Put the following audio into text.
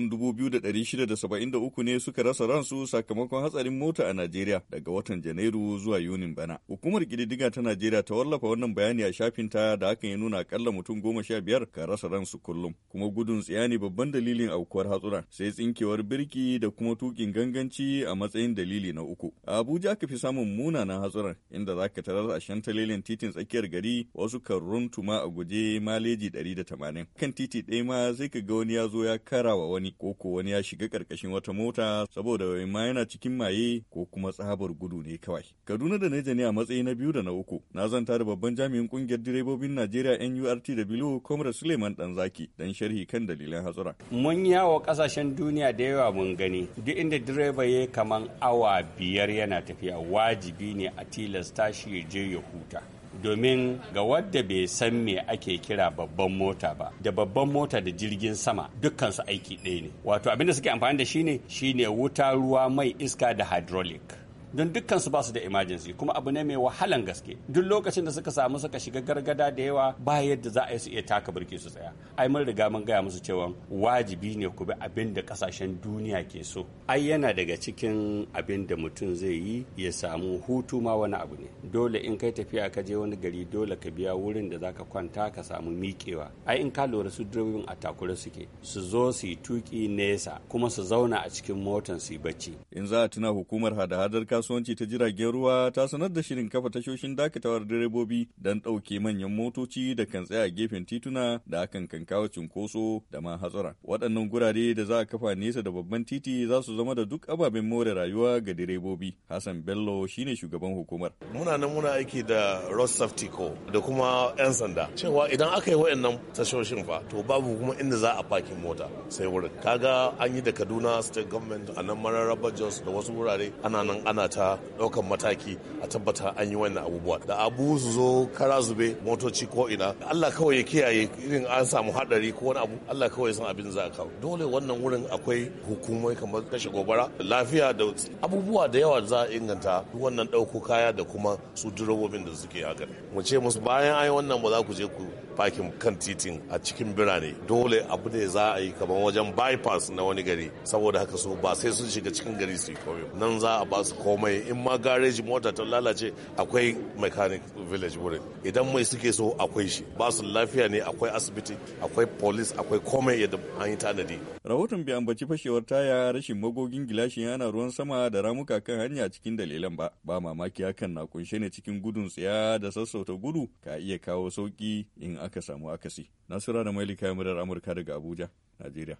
mutum 2,673 ne suka rasa ransu sakamakon hatsarin mota a Najeriya daga watan Janairu zuwa Yunin bana. Hukumar ƙididiga ta Najeriya ta wallafa wannan bayani a shafin shafinta da hakan ya nuna akalla mutum goma sha biyar ka rasa ransu kullum. Kuma gudun tsiya ne babban dalilin aukuwar hatsura sai tsinkewar birki da kuma tukin ganganci a matsayin dalili na uku. A Abuja aka fi samun munanan hatsuran inda za ka tarar a shantalilin titin tsakiyar gari wasu kan runtuma a guje maleji 180. Kan titi ɗaya ma sai ka ga wani ya zo ya kara wa wani wani koko wani ya shiga karkashin wata mota saboda wai ma yana cikin maye ko kuma tsabar gudu ne kawai. Kaduna da Neja ne a matsayi na biyu da na uku. Na zanta da babban jami'in kungiyar direbobin Najeriya NURT da Bilo Comrade Suleiman Danzaki dan sharhi kan dalilan hatsura. Mun yawo kasashen duniya da yawa mun gani duk inda direba ya kaman awa biyar yana tafiya wajibi ne a tilasta shi ya je ya huta. domin ga wadda bai san me ake kira babban mota ba da babban mota da jirgin sama dukkansu aiki ɗaya ne wato abinda suke amfani da shi ne shine wuta ruwa mai iska da hydraulic don dukkan su basu da emergency kuma abu ne mai wahalan gaske duk lokacin da suka samu suka shiga gargada da yawa ba yadda za a yi su iya taka birki su tsaya ai mun riga mun gaya musu cewa wajibi ne ku bi abin da kasashen duniya ke so ai yana daga cikin abin da mutum zai yi ya samu hutu ma wani abu ne dole in kai tafiya ka je wani gari dole ka biya wurin da zaka kwanta ka samu miƙewa ai in ka lura su drobin a takure suke su zo su yi tuki nesa kuma su zauna a cikin motan su yi bacci in za a tuna hukumar hada-hadar kasuwanci ta jiragen ruwa ta sanar da shirin kafa tashoshin dakatawar direbobi don ɗauke manyan motoci da kan tsaya gefen tituna da akan kankawa cunkoso da ma hatsura. Waɗannan gurare da za a kafa nesa da babban titi za su zama da duk ababen more rayuwa ga direbobi. Hassan Bello shine shugaban hukumar. Muna nan muna aiki da Road Safety Co da kuma 'yan sanda. Cewa idan aka yi waɗannan tashoshin fa to babu kuma inda za a fakin mota sai wurin. Kaga an yi da Kaduna State Government a nan mararraba Jos da wasu wurare ana nan ana ta ɗaukan mataki a tabbata an yi wannan abubuwa da abu su zo kara zube motoci ko ina Allah kawai ya kiyaye irin an samu hadari ko wani abu Allah kawai san abin za a dole wannan wurin akwai hukumai kamar kashe gobara lafiya da abubuwa da yawa za a inganta wannan dauko kaya da kuma su durobobin da suke haka mu ce musu bayan an yi wannan ba za ku je ku fakin kan titin a cikin birane dole abu ne za a yi kamar wajen bypass na wani gari saboda haka su ba sai sun shiga cikin gari su yi nan za a ba su komai mai in ma gareji mota ta lalace akwai mechanic village wurin idan mai suke so akwai shi ba su lafiya ne akwai asibiti akwai police akwai komai yadda an yi tanadi rahoton bai ambaci fashewar taya rashin magogin gilashin yana ruwan sama da ramuka kan hanya cikin dalilan ba ba mamaki hakan na kunshe ne cikin gudun tsaya da sassauta gudu ka iya kawo sauki in aka samu akasi nasira da mailika murar amurka daga abuja najeriya